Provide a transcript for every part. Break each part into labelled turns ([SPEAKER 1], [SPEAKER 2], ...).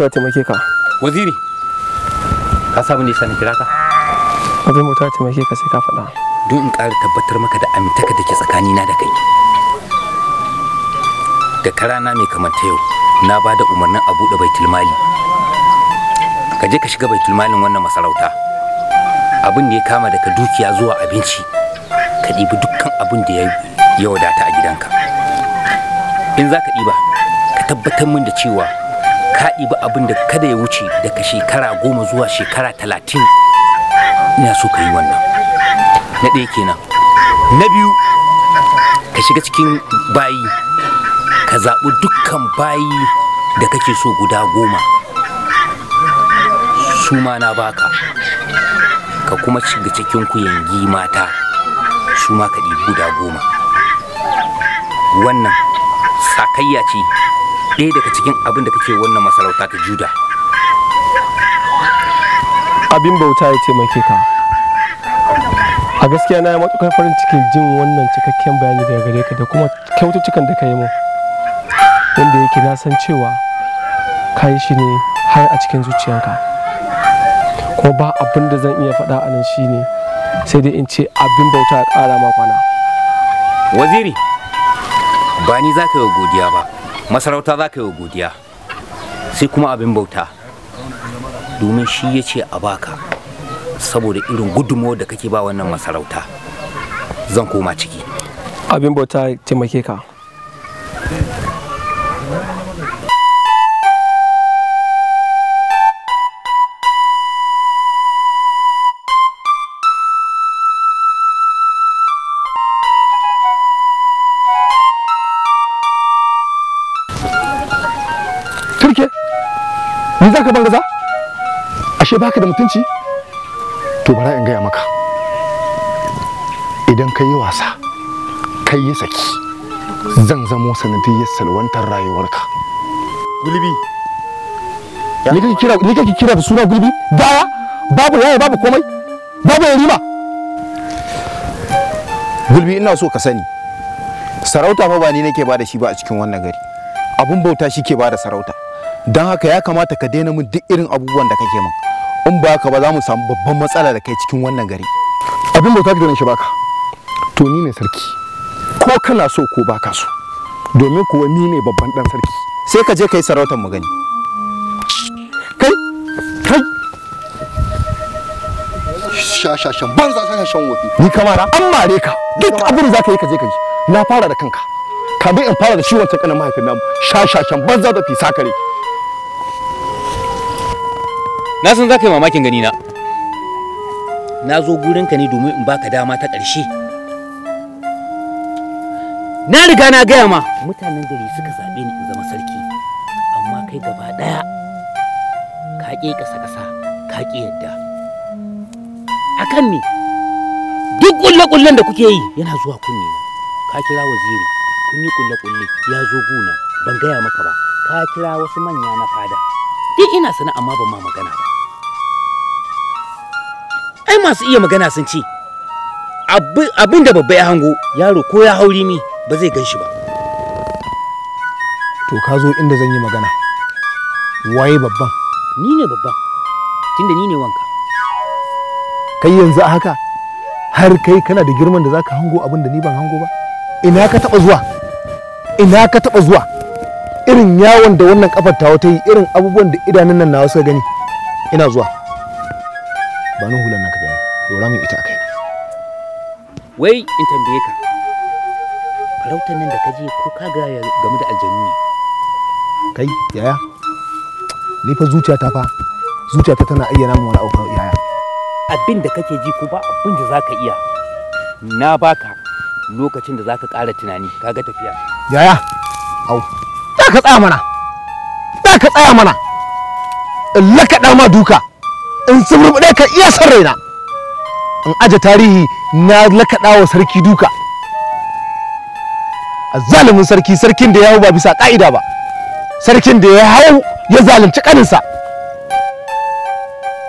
[SPEAKER 1] mota ta taimake ka
[SPEAKER 2] waziri ka samu nisa na kira ka
[SPEAKER 1] abin mota taimake ka sai ka faɗa don
[SPEAKER 2] in ƙara tabbatar maka da amintaka da ke tsakanina da kai da karana mai kamar ta yau na ba da umarnin a buɗe baitul mali ka je ka shiga baitul malin wannan masarauta abin da ya kama daga dukiya zuwa abinci ka ɗibi dukkan abin da ya wadata a gidanka in za ka ɗiba ka tabbatar min da cewa ka ba abin da kada ya wuce daga shekara goma zuwa shekara talatin ina so ka yi wannan na ɗaya kenan na biyu ka shiga cikin bayi ka zaɓi dukkan bayi da kake so guda goma su ma na baka ka kuma shiga cikin kuyangi mata su ma ka ɗibi guda goma wannan sakayya ce ɗaya daga cikin abin da kake wannan masarauta ta juda
[SPEAKER 1] abin bauta ya taimake ka a gaskiya na yi matukar farin cikin jin wannan cikakken bayani daga gare ka da kuma kyaututtukan da ka yi mu wanda yake na san cewa ka yi shi ne har a cikin zuciyanka kuma ba abin da zan iya faɗa a nan ne sai dai in ce abin bauta a ƙara makwana
[SPEAKER 2] waziri ba ni za ka yi godiya ba masarauta za ka yi godiya sai kuma abin bauta domin shi ya ce a baka saboda irin gudunmawar da kake ba wannan masarauta zan koma ciki
[SPEAKER 1] abin bauta taimake ka
[SPEAKER 3] ni za ka bangaza ashe baka da mutunci to bara in gaya maka idan ka yi wasa kai yi saki zan zamo sanadiyar salwantar rayuwarka gulbi ni kake kira ni kake kira da suna gulbi baya babu yaya babu komai babu yarima gulbi ina so ka sani sarauta fa ba ni nake bada shi ba a cikin wannan gari abun bauta shi ke bada sarauta don haka ya kamata ka daina mun duk irin abubuwan da kake min in ba ka ba za mu samu babban matsala da kai cikin wannan gari abin bauta ka shi baka to ni ne sarki ko kana so ko baka so domin kuwa ni ne babban dan sarki sai ka je kai sarautar mu gani kai kai shashashan banza shan wofi ni kamara an mare ka duk abin za ka yi ka je ka yi na fara da kanka ka bi in fara da shi wancan kanin mahaifin namu shashashan banza da fi kare
[SPEAKER 2] na san za ka yi mamakin gani na na zo gurinka ne domin in baka dama ta ƙarshe na riga na gaya ma mutanen gari suka zaɓe ni in zama sarki amma kai gaba ɗaya ka ƙe ƙasa ƙasa ka ƙi yadda akan me duk ƙulle-ƙullen da kuke yi yana zuwa kunne ka kira waziri kun yi ƙulle-ƙulle ya zo guna ban gaya maka ba ka kira wasu manya na fada duk ina sana amma ban ma magana ba ai masu iya magana sun ce abin da babba ya hango yaro ko ya hauri ni ba zai gan shi ba
[SPEAKER 3] to ka zo inda zan yi magana waye babban
[SPEAKER 2] ni ne babban tunda ni ne wanka kai yanzu a
[SPEAKER 3] haka har kai kana da girman da zaka hango abin da ni ban hango ba ina ka taba zuwa ina ka taba zuwa irin yawon da wannan kafar ta ta yi irin abubuwan da idanun nan na suka gani ina zuwa ba na hulan nan ka gani dora min ita
[SPEAKER 2] a kaina wai in tambaye ka farautar nan da ka je ko ka ga game da aljanu ne kai yaya
[SPEAKER 3] ni fa zuciyata fa zuciyata tana ayyana min wani aukar yaya
[SPEAKER 2] abin da kake ji ko ba abin da zaka iya na baka lokacin da zaka ƙara tunani kaga tafiya
[SPEAKER 3] yaya au da ka tsaya mana da ka tsaya mana in lakaɗa ma duka in tsibirbiɗe ka iya san raina in aje tarihi na lakaɗa wa sarki duka a zalimin sarki sarkin da ya ba bisa ƙa'ida ba sarkin da ya hau ya zalunci ƙaninsa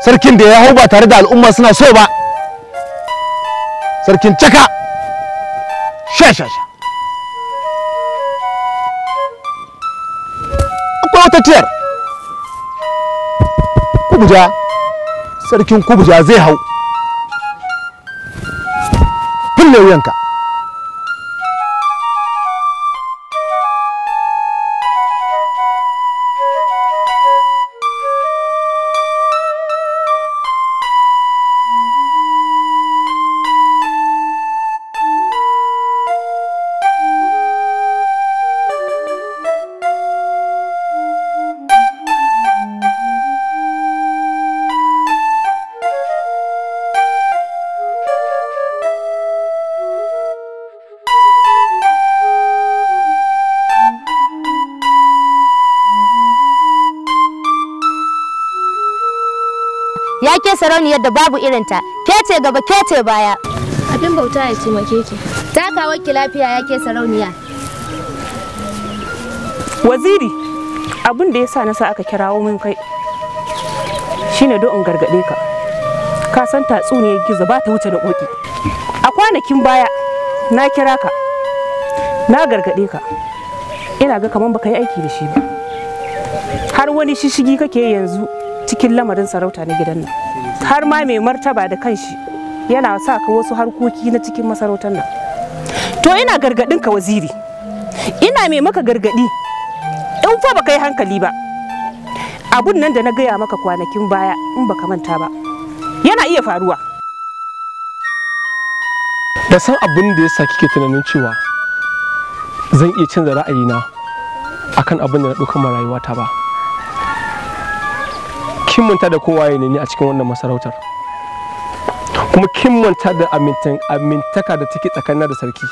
[SPEAKER 3] sarkin da ya hau ba tare da al'umma suna so ba sarkin caka sha sha sha akwai wata tiyar ku sarkin kubuja zai hau fulle wuyanka
[SPEAKER 4] ya ke sarauniyar da babu irinta ke ce gaba ke baya abin bauta ya taimake ki takawa ki lafiya ya ke sarauniya
[SPEAKER 5] waziri abin da ya sa na sa aka kirawo min kai shine don in ka ka san tatsuniyar gizo ba ta wuce da koki a kwanakin baya na kira ka na gargade ka ina ga kaman baka yi aiki da shi ba har wani shishigi kake yanzu cikin lamarin sarauta na gidan nan har ma mai martaba da kanshi yana sa ka wasu harkoki na cikin masarautar nan to ina gargadin ka waziri ina mai maka gargadi in fa baka yi hankali ba abun nan da na gaya maka kwanakin baya in baka manta ba yana iya faruwa
[SPEAKER 1] da san abin da yasa kike tunanin cewa zan iya canza ra'ayina akan abin da na ɗauka rayuwata ba kimanta da kowa ne ne a cikin wannan masarautar kuma kimanta da amintaka da take tsakanin da sarki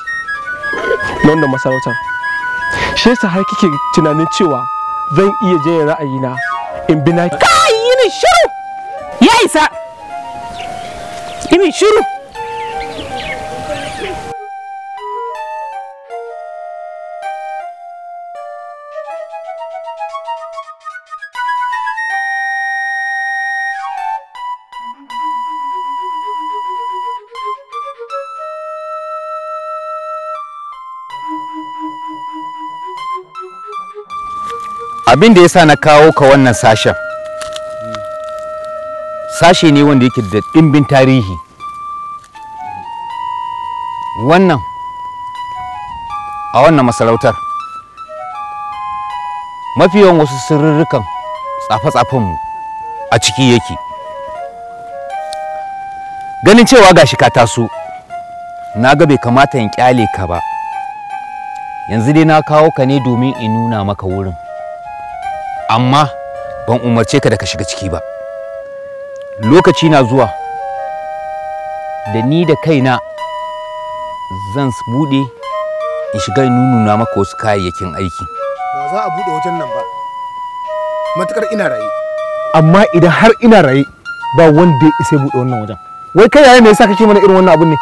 [SPEAKER 1] na wannan masarautar shi yasa har kike tunanin cewa zan iya janye ra'ayina in bi na kai yi shiru ya isa yi shiru
[SPEAKER 2] abin da ya sa na kawo ka wannan sashen sashe ne wanda yake da ɗimbin tarihi wannan a wannan masarautar mafi yawan wasu sirrurrukan tsafe-tsafenmu a ciki yake ganin cewa gashi ka taso na ga bai kamata in kyale ka ba yanzu dai na kawo ka ne domin in nuna maka wurin amma ban umarce ka da ka shiga ciki ba lokaci na zuwa da ni da kaina zan buɗe in shiga nununa maka wasu kayayyakin aiki
[SPEAKER 3] ba za a bude wajen nan ba matukar ina raye amma idan har ina raye ba wanda ya isa bude wannan wajen wai kai yaya me yasa kake mana irin wannan abun ne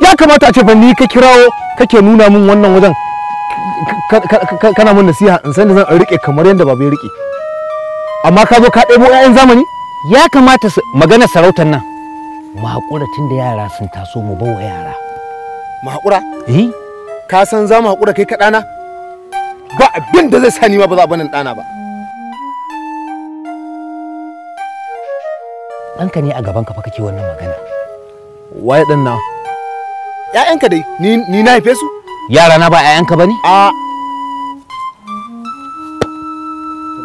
[SPEAKER 3] ya kamata a ce ban ni ka kirawo kake nuna min wannan wajen kana mun nasiha in san da zan rike kamar yadda baba ya rike amma
[SPEAKER 2] ka zo ka ɗebo ƴaƴan zamani ya kamata magana sarautar nan mu hakura tun da yara sun taso mu bawa yara
[SPEAKER 3] mu hakura? eh ka san za mu haƙura kai ka ba abin da zai sa ni ma ba za a banin ɗana ba
[SPEAKER 2] ɗanka ne a gaban ka fa kake wannan magana
[SPEAKER 3] waye ɗan na ƴaƴanka dai ni na haife su yara na ba 'ya'yanka ba ne? a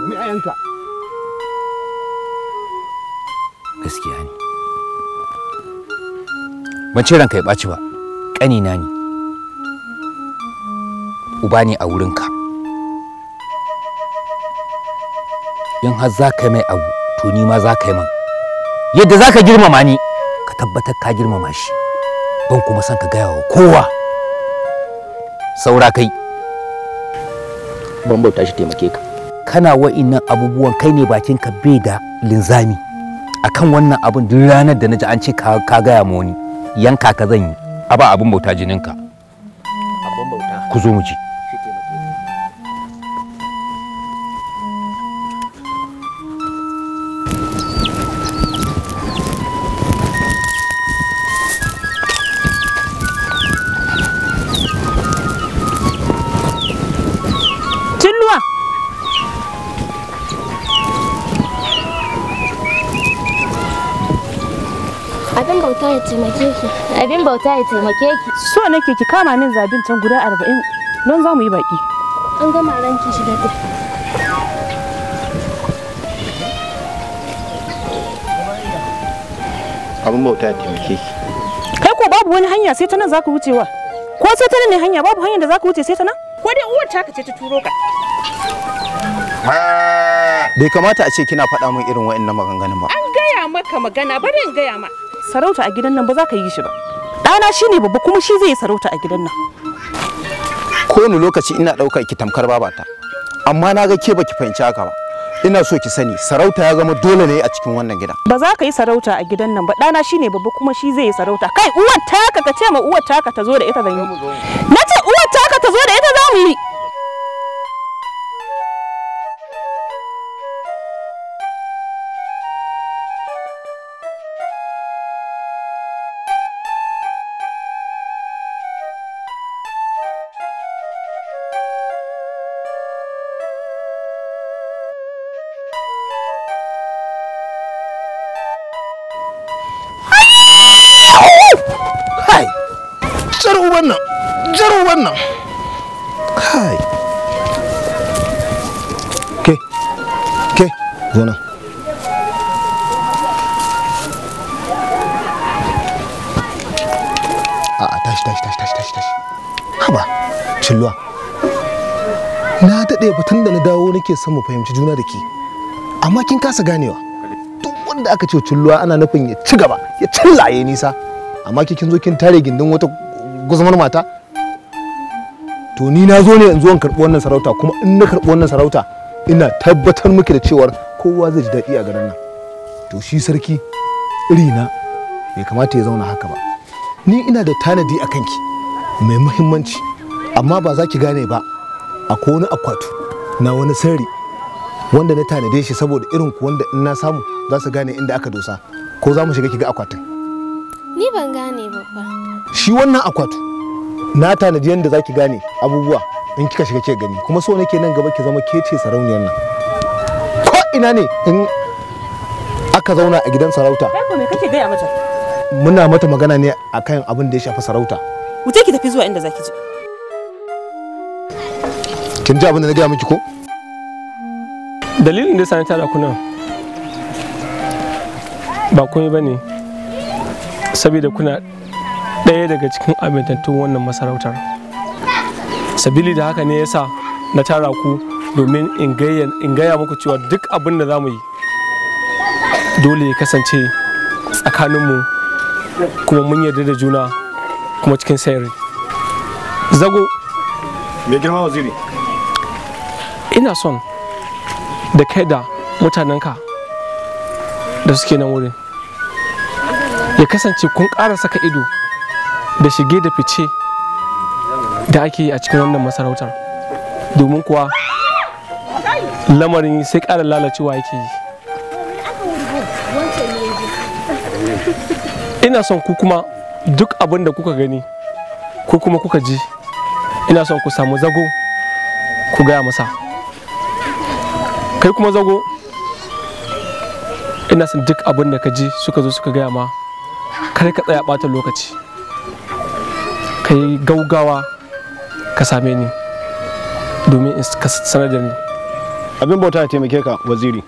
[SPEAKER 3] mi 'ya'yanka
[SPEAKER 2] gaskiya ne ban ce ranka ya ɓaci ba ƙanina ni uba ne a wurin ka, in har za ka mai abu to ni ma za ka yi man yadda za ka girmama ni ka tabbatar ka girmama shi ban kuma son ka gaya wa kowa saura kai ban bauta shi taimake ka kana wa'innan abubuwan kai ne bakin ka bai da linzami akan wannan abun duk ranar da naji an ce ka gaya ma wani yanka ka zan yi a ba abin bauta jininka bauta ku zo mu ji
[SPEAKER 5] ya taimake ki abin bauta ya taimake ki so nake ki kama min zabin can guda arba'in don za mu yi baki an gama ranki shi da
[SPEAKER 3] abin bauta ya taimake ki
[SPEAKER 5] kai ko babu wani hanya sai ta nan za ka wucewa ko sai ta nan ne hanya babu hanyar da za ka wuce sai ta nan ko dai uwar taka ce ta turo ka
[SPEAKER 3] bai kamata a ce kina faɗa min irin wa'annan maganganun ba an
[SPEAKER 5] gaya maka magana bari in gaya ma sarauta a gidan nan ba za ka yi shi ba ɗana shine babba kuma shi zai sarauta a gidan nan
[SPEAKER 3] kowane lokaci ina ɗaukar ki tamkar babata amma na ga ke baki fahimci haka ba ina so ki sani sarauta ya zama dole ne a cikin wannan gidan
[SPEAKER 5] ba za ka yi sarauta a gidan nan ba ɗana shine babba kuma shi zai yi sarauta kai uwar taka ka ce ma uwar taka ta zo da ita zan yi na ce uwar taka ta zo da ita za mu yi
[SPEAKER 3] na daɗe batun da na dawo nake son mu fahimci juna da ke amma kin kasa ganewa duk wanda aka ce cilluwa ana nufin ya ci gaba ya cillaye nisa amma kin zo kin tare gindin wata guzumar mata to ni na zo ne in zo in karɓi wannan sarauta kuma in na karɓi wannan sarauta ina tabbatar miki da cewar kowa zai ji daɗi a garin nan to shi sarki iri na bai kamata ya zauna haka ba ni ina da tanadi a kanki mai muhimmanci amma ba za ki gane ba ko wani akwatu na wani sarri wanda na tanade shi saboda irin ku wanda in na samu za su gane inda aka dosa ko za mu shiga ki ga akwatin
[SPEAKER 5] Ni ban gane ba
[SPEAKER 3] fa. Shi wannan akwatu na tanadi yadda za ki gane abubuwa in kika shiga ke gani kuma so nake nan gaba ki zama ke ce sarauniyar nan. Ko ina ne in aka zauna a gidan sarauta.
[SPEAKER 5] Kai me kake gaya mata?
[SPEAKER 3] Muna mata magana ne akan abin da ya shafi sarauta.
[SPEAKER 5] Wuce ki tafi zuwa inda zaki je.
[SPEAKER 1] Kin ji abin da na gaya miki ko? Dalilin da sanata da kuna ba komai bane. saboda kuna ɗaya daga cikin amintattun wannan masarautar sabili da haka ne yasa na tara ku domin in gaya muku cewa duk abin da za mu yi dole ya kasance tsakaninmu kuma mun yarda da juna kuma cikin sayari zago mai girma waziri ina son da kai da mutanenka da suke nan wurin ya kasance kun ƙara saka ido da shige da fice da ake yi a cikin wannan masarautar domin kuwa lamarin sai ƙara lalacewa yake yi ina son ku kuma duk abin da kuka gani ko kuma kuka ji ina son ku samu zago ku gaya masa kai kuma zago ina son duk abin da ka ji suka zo suka gaya ma kar ka tsaya ɓata lokaci ka yi gaugawa ka same ni domin ka sanar da ni abin bauta ya taimake ka waziri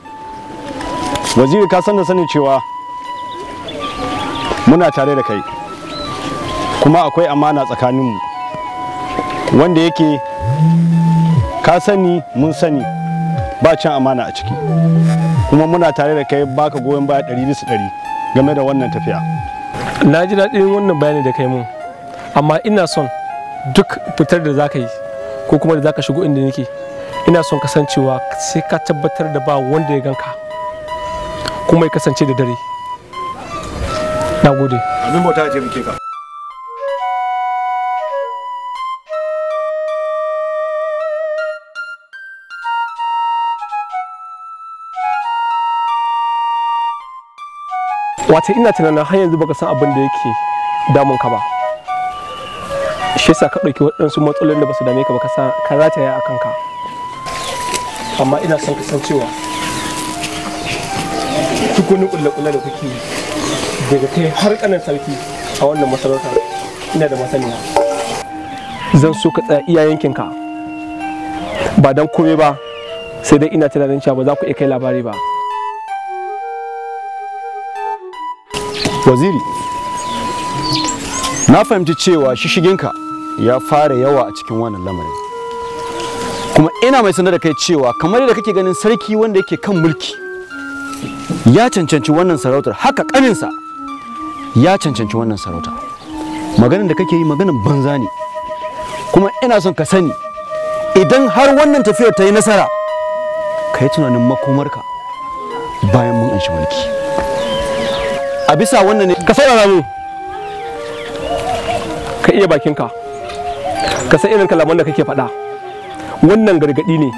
[SPEAKER 1] waziri ka san da sanin cewa muna tare da kai kuma akwai amana tsakaninmu wanda yake ka sani mun sani ba can amana a ciki kuma muna tare da kai baka goyon baya ɗari bisa ɗari game da wannan tafiya na ji daɗin wannan bayani da kai mun amma ina son duk fitar da za ka yi ko kuma da za ka shigo inda nake ina son kasancewa sai ka tabbatar da ba wanda ya ganka kuma ya kasance da dare na gode abin bauta ce muke ka wata ina tunanin har yanzu baka san abin da yake damun ka ba shi yasa ka ɗauki waɗansu matsalolin da ba su dame ka ba ka yi a kanka amma ina son ka san cewa duk wani ƙulle da kuke daga kai har ƙanan sarki a wannan masarauta ina da masaniya zan so ka tsaya iya yankinka ba dan komai ba sai dai ina tunanin cewa ba za ku iya kai labari ba
[SPEAKER 3] waziri na fahimci cewa shishiginka ya fara yawa a cikin wannan lamarin kuma ina mai sanar da kai cewa kamar yadda kake ganin sarki wanda yake kan mulki ya cancanci wannan sarautar haka kaninsa ya cancanci wannan sarauta maganin da kake yi maganin banza ne kuma ina son ka sani idan har wannan tafiyar ta yi nasara ka yi tunanin makomarka
[SPEAKER 1] bayan mun anshi mulki. a bisa wannan ne ka saurara mu ka iya bakinka ka san irin kalaman da kake faɗa wannan gargaɗi ne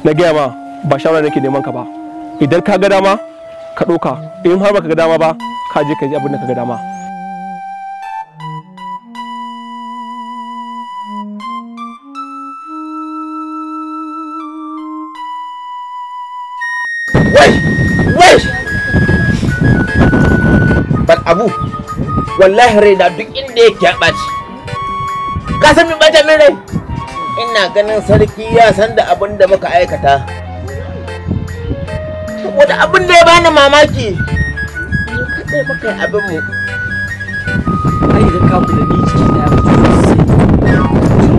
[SPEAKER 1] na gaya ma ba shawara nake neman ka ba idan ka ga dama ka ɗauka in har baka ga dama ba ka je ka ji abin da ka ga dama
[SPEAKER 4] abu wallahi rai na duk inda yake ya ɓaci ka san min ɓata min rai ina ganin sarki ya san da abin da muka aikata saboda abin da ya bani mamaki mu kaɗai muka yi abin mu ai da ka da ni ciki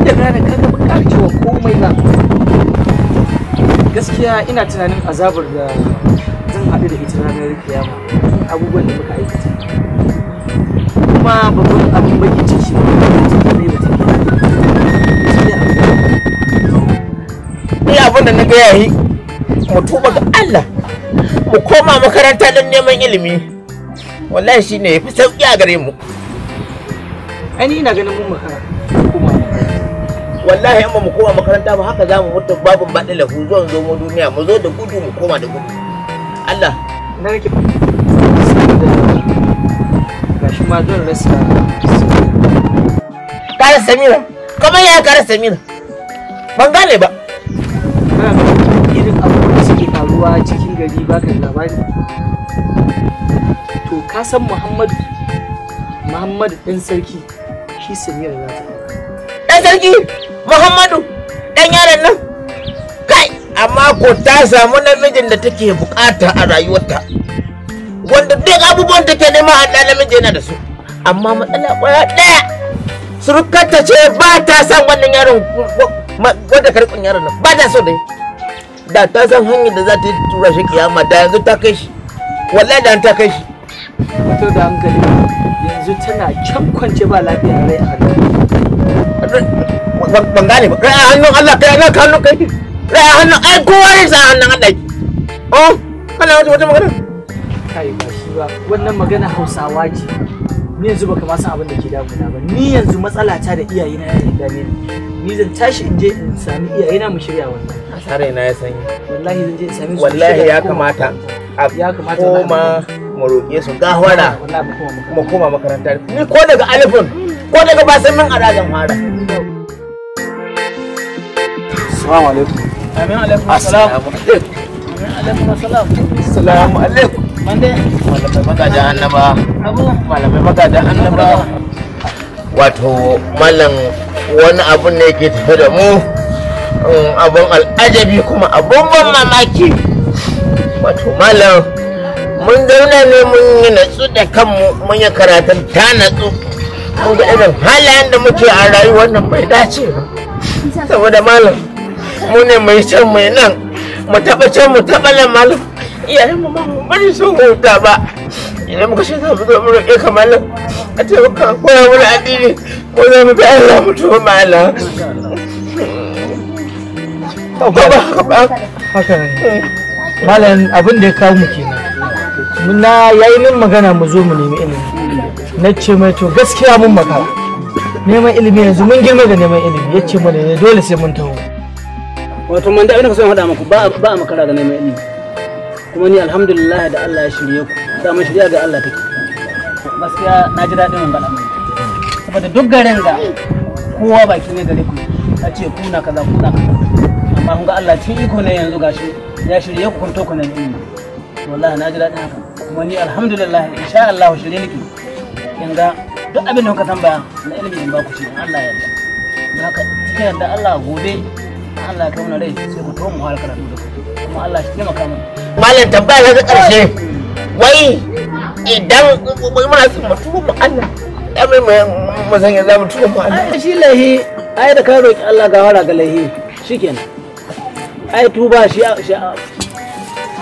[SPEAKER 4] da da rana kaga ba wa komai ba gaskiya ina tunanin azabar da zan haɗu da ita ranar kiyama abubuwan da muka aikata kuma babban abin baki ciki ni abin da na ga yayi mu tuba ga Allah mu koma makaranta don neman ilimi wallahi ya fi sauƙi a gare mu ani na ganin mun makaranta kuma wallahi in ba mu koma makaranta ba haka za mu mutu babu baɗi lahu zuwan zo mu duniya mu zo da gudu mu koma da gudu Allah na rike ma zan rasa kare samira kamar ya kare samira ban gane ba irin abubuwan da suke faruwa cikin gari ba labari to ka san muhammadu muhammadu ɗan sarki shi samira za ta ɗan sarki muhammadu ɗan yaron nan kai amma ko ta samu namijin da take bukata a rayuwarta wanda duk abubuwan take nema a ɗan namiji yana da su amma matsala kwaya ɗaya ce ba ta san wannan yaron wanda karɓin yaron nan ba ta so dai da ta san hanyar da za yi tura shi kiyama da yanzu shi wallahi da ta shi sa hannun Allah kai ba shi ba wannan magana hausawa ce ni yanzu baka ma san abin da ke damuna ba ni yanzu matsala ta da iyayena ya riga ne ni zan tashi in je in sami iyayena mu shirya wannan tare na ya sani wallahi zan je in sami su wallahi ya kamata ya kamata koma mu roƙe su gahwara mu koma makaranta ni ko daga alifin ko daga basan min adadan fara assalamu alaikum amin alaikum assalamu alaikum assalamu alaikum malamai magajan annaba malamai magajan annaba wato malam wani abu ne ke tafi da mu mm, abun al'ajabi kuma abun ban mamaki wato malam mun zauna ne mun yi natsu da kanmu mun yi karatun ta natsu mun ga irin halayen da muke a rayuwar nan bai dace ba saboda malam mu ne mai can mai nan mu taɓa can mu taɓa nan malam iyayen mu ma mu bari su huta ba idan muka shi zamu zo mu roƙe ka malam a taimaka koya mana addini ko za mu bi Allah mu tuba malam haka ne malam abin da ya kawo mu kenan na yayi min magana mu zo mu nemi ilimi na ce mai to gaskiya mun maka neman ilimi yanzu mun girma da neman ilimi ya ce mana eh, dole sai mun taho wato man da ina so hada muku ba ba a makara da neman ilimi kuma ni alhamdulillah da Allah ya shirye ku da mai shirya ga Allah take gaskiya na ji dadin wannan al'amari saboda duk garin ga kowa baki ne gare ku a ce kuna kaza kuna kaza amma kun ga Allah cikin iko ne yanzu gashi ya shirye ku kun to ku na ilimi wallahi na ji dadin haka kuma ni alhamdulillah insha Allah shirye niki kin ga duk abin da kuka tambaya na ilimi in ba ku ce Allah ya yarda haka cikin da Allah gobe Allah ya kauna rai sai ku tomo har karatu da kuma Allah shi taimaka mana malam tambaya ta karshe wai idan wai muna son mu tuba mu Allah ya mai mu sanya za mu tuba mu Allah shi lahi ai da ka roki Allah gawara ga lahi shikenan ai tuba shi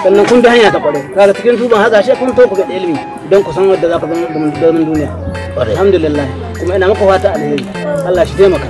[SPEAKER 4] sannan kun da hanya ta kware kaga cikin tuba haka shi kun tofa ga ilimi don ku san wadda za ka zama domin duniya alhamdulillah kuma ina maka fata alheri Allah shi maka.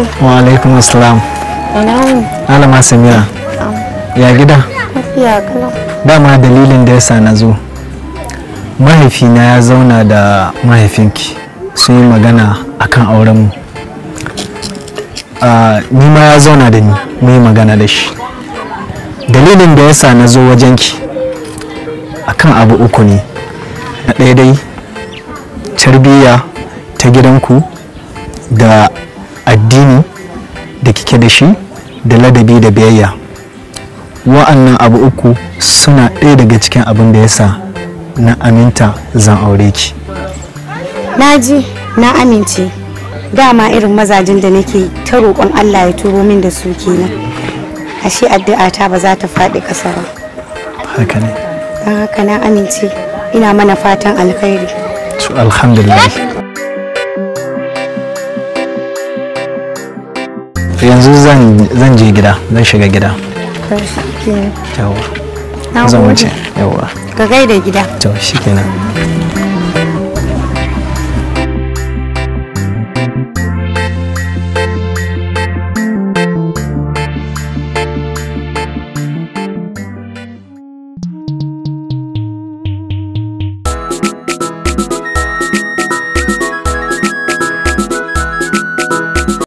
[SPEAKER 4] alaikum. Wa alaikum assalam. Ina Samira. Ya gida? Lafiya kalau. Dama dalilin da yasa na zo.
[SPEAKER 3] Mahaifina ya zauna da mahaifinki sun yi magana akan auren mu. Ah, ni ma ya zauna da ni mu yi magana da shi. Dalilin da yasa na zo wajenki akan abu uku ne. Na ɗaya dai tarbiyya ta gidanku da addini da kike da shi da ladabi da biyayya wa'annan abu uku suna ɗaya daga cikin abin da ya sa na aminta zan aure ki
[SPEAKER 5] naji na amince dama
[SPEAKER 2] irin mazajen da nake ta roƙon allah ya turo min da su kenan ashe addu'a ta ba za ta faɗi ƙasa ba haka ne haka na amince ina mana fatan alkhairi
[SPEAKER 1] to alhamdulillah
[SPEAKER 3] yanzu zan je gida zan shiga gida
[SPEAKER 1] yawa zan wuce yawa ka
[SPEAKER 3] gaida
[SPEAKER 4] gida
[SPEAKER 1] to shikenan